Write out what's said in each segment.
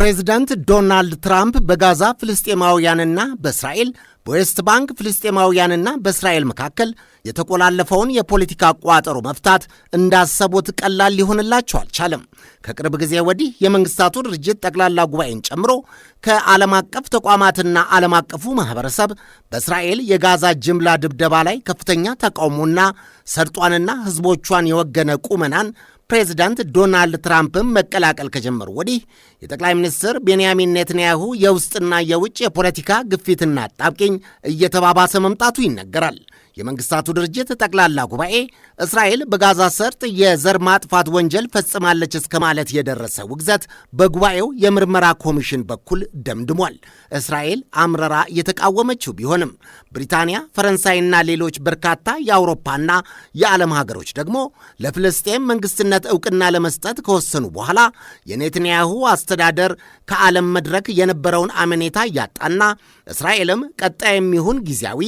ፕሬዚዳንት ዶናልድ ትራምፕ በጋዛ ፍልስጤማውያንና በእስራኤል በዌስት ባንክ ፍልስጤማውያንና በእስራኤል መካከል የተቆላለፈውን የፖለቲካ ቋጠሮ መፍታት እንዳሰቡት ቀላል ሊሆንላቸው አልቻለም። ከቅርብ ጊዜ ወዲህ የመንግስታቱ ድርጅት ጠቅላላ ጉባኤን ጨምሮ ከዓለም አቀፍ ተቋማትና ዓለም አቀፉ ማህበረሰብ በእስራኤል የጋዛ ጅምላ ድብደባ ላይ ከፍተኛ ተቃውሞና ሰርጧንና ህዝቦቿን የወገነ ቁመናን ፕሬዚዳንት ዶናልድ ትራምፕም መቀላቀል ከጀመሩ ወዲህ የጠቅላይ ሚኒስትር ቤንያሚን ኔትንያሁ የውስጥና የውጭ የፖለቲካ ግፊትና ጣብቂኝ እየተባባሰ መምጣቱ ይነገራል። የመንግስታቱ ድርጅት ጠቅላላ ጉባኤ እስራኤል በጋዛ ሰርጥ የዘር ማጥፋት ወንጀል ፈጽማለች እስከ ማለት የደረሰ ውግዘት በጉባኤው የምርመራ ኮሚሽን በኩል ደምድሟል። እስራኤል አምረራ የተቃወመችው ቢሆንም ብሪታንያ፣ ፈረንሳይና ሌሎች በርካታ የአውሮፓና የዓለም ሀገሮች ደግሞ ለፍልስጤም መንግስትነት እውቅና ለመስጠት ከወሰኑ በኋላ የኔትንያሁ አስተዳደር ከዓለም መድረክ የነበረውን አመኔታ እያጣና እስራኤልም ቀጣይ የሚሆን ጊዜያዊ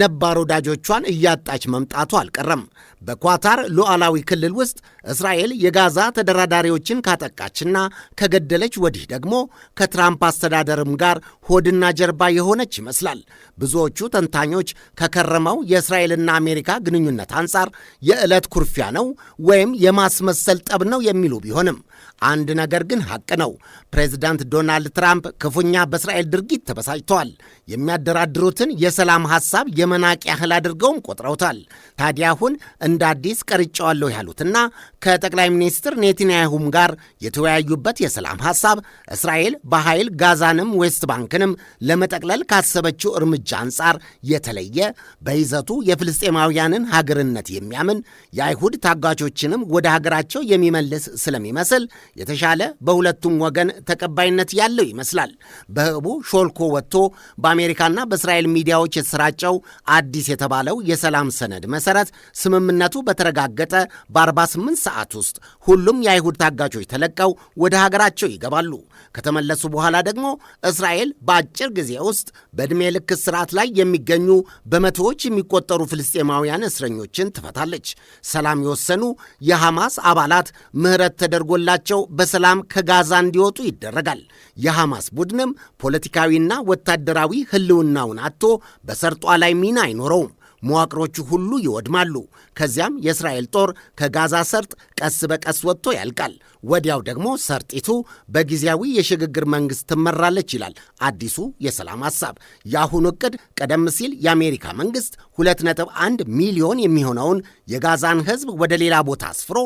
ነባር ወዳጆቿ መሬቷን እያጣች መምጣቱ አልቀረም። በኳታር ሉዓላዊ ክልል ውስጥ እስራኤል የጋዛ ተደራዳሪዎችን ካጠቃችና ከገደለች ወዲህ ደግሞ ከትራምፕ አስተዳደርም ጋር ሆድና ጀርባ የሆነች ይመስላል። ብዙዎቹ ተንታኞች ከከረመው የእስራኤልና አሜሪካ ግንኙነት አንጻር የዕለት ኩርፊያ ነው ወይም የማስመሰል ጠብ ነው የሚሉ ቢሆንም አንድ ነገር ግን ሐቅ ነው። ፕሬዚዳንት ዶናልድ ትራምፕ ክፉኛ በእስራኤል ድርጊት ተበሳጭተዋል። የሚያደራድሩትን የሰላም ሐሳብ የመናቅ ያህል አድርገው አድርገውም ቆጥረውታል። ታዲያ አሁን እንደ አዲስ ቀርጨዋለሁ ያሉትና ከጠቅላይ ሚኒስትር ኔትንያሁም ጋር የተወያዩበት የሰላም ሐሳብ እስራኤል በኃይል ጋዛንም ዌስት ባንክንም ለመጠቅለል ካሰበችው እርምጃ አንጻር የተለየ በይዘቱ የፍልስጤማውያንን ሀገርነት የሚያምን የአይሁድ ታጋቾችንም ወደ ሀገራቸው የሚመልስ ስለሚመስል የተሻለ በሁለቱም ወገን ተቀባይነት ያለው ይመስላል። በህቡ ሾልኮ ወጥቶ በአሜሪካና በእስራኤል ሚዲያዎች የተሰራጨው አዲስ የተባለው የሰላም ሰነድ መሠረት ስምምነቱ በተረጋገጠ በ48 ሰዓት ውስጥ ሁሉም የአይሁድ ታጋቾች ተለቀው ወደ ሀገራቸው ይገባሉ። ከተመለሱ በኋላ ደግሞ እስራኤል በአጭር ጊዜ ውስጥ በዕድሜ ልክ እስራት ላይ የሚገኙ በመቶዎች የሚቆጠሩ ፍልስጤማውያን እስረኞችን ትፈታለች። ሰላም የወሰኑ የሐማስ አባላት ምህረት ተደርጎላቸው በሰላም ከጋዛ እንዲወጡ ይደረጋል። የሐማስ ቡድንም ፖለቲካዊና ወታደራዊ ህልውናውን አጥቶ በሰርጧ ላይ ሚና አይኖረውም። መዋቅሮቹ ሁሉ ይወድማሉ። ከዚያም የእስራኤል ጦር ከጋዛ ሰርጥ ቀስ በቀስ ወጥቶ ያልቃል። ወዲያው ደግሞ ሰርጢቱ በጊዜያዊ የሽግግር መንግሥት ትመራለች ይላል አዲሱ የሰላም ሐሳብ። የአሁኑ ዕቅድ ቀደም ሲል የአሜሪካ መንግሥት 2.1 ሚሊዮን የሚሆነውን የጋዛን ሕዝብ ወደ ሌላ ቦታ አስፍሮ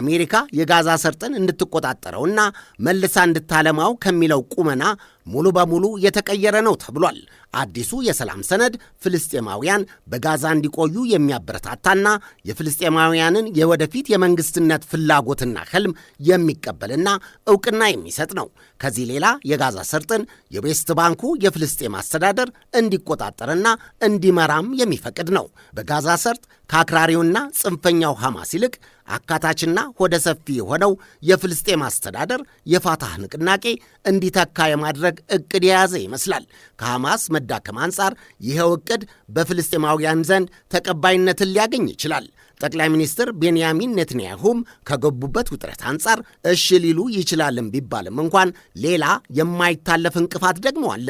አሜሪካ የጋዛ ሰርጥን እንድትቆጣጠረውና መልሳ እንድታለማው ከሚለው ቁመና ሙሉ በሙሉ የተቀየረ ነው ተብሏል። አዲሱ የሰላም ሰነድ ፍልስጤማውያን በጋዛ እንዲቆዩ የሚያበረታታና የፍልስጤማውያንን የወደፊት የመንግስትነት ፍላጎትና ህልም የሚቀበልና እውቅና የሚሰጥ ነው። ከዚህ ሌላ የጋዛ ሰርጥን የዌስት ባንኩ የፍልስጤም አስተዳደር እንዲቆጣጠርና እንዲመራም የሚፈቅድ ነው። በጋዛ ሰርጥ ከአክራሪውና ጽንፈኛው ሐማስ ይልቅ አካታችና ሆደ ሰፊ የሆነው የፍልስጤም አስተዳደር የፋታህ ንቅናቄ እንዲተካ የማድረግ እቅድ የያዘ ይመስላል። ከሐማስ መዳከም አንጻር ይኸው እቅድ በፍልስጤማውያን ዘንድ ተቀባይነትን ሊያገኝ ይችላል። ጠቅላይ ሚኒስትር ቤንያሚን ኔትንያሁም ከገቡበት ውጥረት አንጻር እሺ ሊሉ ይችላልም ቢባልም እንኳን ሌላ የማይታለፍ እንቅፋት ደግሞ አለ።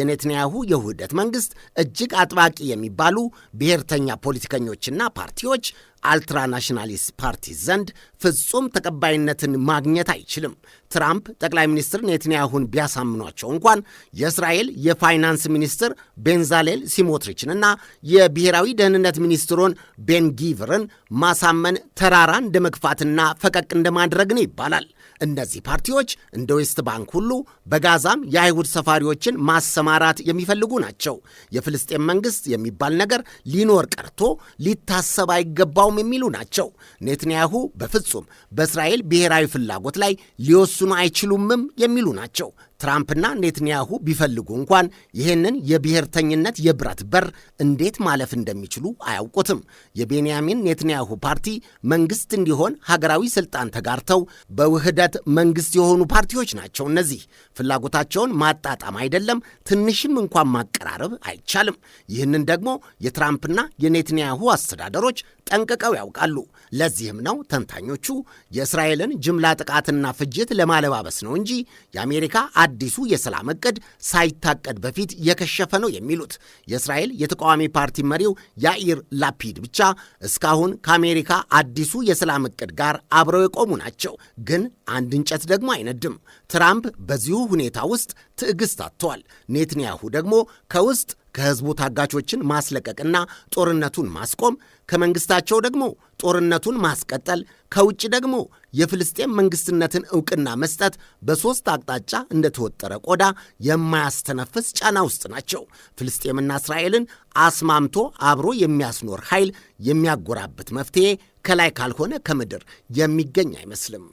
የኔትንያሁ የውህደት መንግስት እጅግ አጥባቂ የሚባሉ ብሔርተኛ ፖለቲከኞችና ፓርቲዎች አልትራናሽናሊስት ፓርቲ ዘንድ ፍጹም ተቀባይነትን ማግኘት አይችልም። ትራምፕ ጠቅላይ ሚኒስትር ኔትንያሁን ቢያሳምኗቸው እንኳን የእስራኤል የፋይናንስ ሚኒስትር ቤንዛሌል ሲሞትሪችንና የብሔራዊ ደህንነት ሚኒስትሩን ቤንጊቭርን ማሳመን ተራራ እንደ መግፋትና ፈቀቅ እንደማድረግ ነው ይባላል። እነዚህ ፓርቲዎች እንደ ዌስት ባንክ ሁሉ በጋዛም የአይሁድ ሰፋሪዎችን ማሰማራት የሚፈልጉ ናቸው። የፍልስጤን መንግስት የሚባል ነገር ሊኖር ቀርቶ ሊታሰብ አይገባውም የሚሉ ናቸው። ኔትንያሁ በፍጹም በእስራኤል ብሔራዊ ፍላጎት ላይ ሊወስኑ አይችሉምም የሚሉ ናቸው። ትራምፕና ኔትንያሁ ቢፈልጉ እንኳን ይህንን የብሔርተኝነት የብረት በር እንዴት ማለፍ እንደሚችሉ አያውቁትም። የቤንያሚን ኔትንያሁ ፓርቲ መንግስት እንዲሆን ሀገራዊ ስልጣን ተጋርተው በውህደት መንግስት የሆኑ ፓርቲዎች ናቸው። እነዚህ ፍላጎታቸውን ማጣጣም አይደለም፣ ትንሽም እንኳን ማቀራረብ አይቻልም። ይህንን ደግሞ የትራምፕና የኔትንያሁ አስተዳደሮች ጠንቅቀው ያውቃሉ። ለዚህም ነው ተንታኞቹ የእስራኤልን ጅምላ ጥቃትና ፍጅት ለማለባበስ ነው እንጂ የአሜሪካ አዲሱ የሰላም እቅድ ሳይታቀድ በፊት የከሸፈ ነው የሚሉት የእስራኤል የተቃዋሚ ፓርቲ መሪው ያኢር ላፒድ ብቻ እስካሁን ከአሜሪካ አዲሱ የሰላም እቅድ ጋር አብረው የቆሙ ናቸው። ግን አንድ እንጨት ደግሞ አይነድም። ትራምፕ በዚሁ ሁኔታ ውስጥ ትዕግስት አጥተዋል። ኔትንያሁ ደግሞ ከውስጥ ከህዝቡ ታጋቾችን ማስለቀቅና ጦርነቱን ማስቆም፣ ከመንግስታቸው ደግሞ ጦርነቱን ማስቀጠል፣ ከውጭ ደግሞ የፍልስጤም መንግስትነትን እውቅና መስጠት በሦስት አቅጣጫ እንደተወጠረ ቆዳ የማያስተነፍስ ጫና ውስጥ ናቸው። ፍልስጤምና እስራኤልን አስማምቶ አብሮ የሚያስኖር ኃይል የሚያጎራበት መፍትሄ ከላይ ካልሆነ ከምድር የሚገኝ አይመስልም።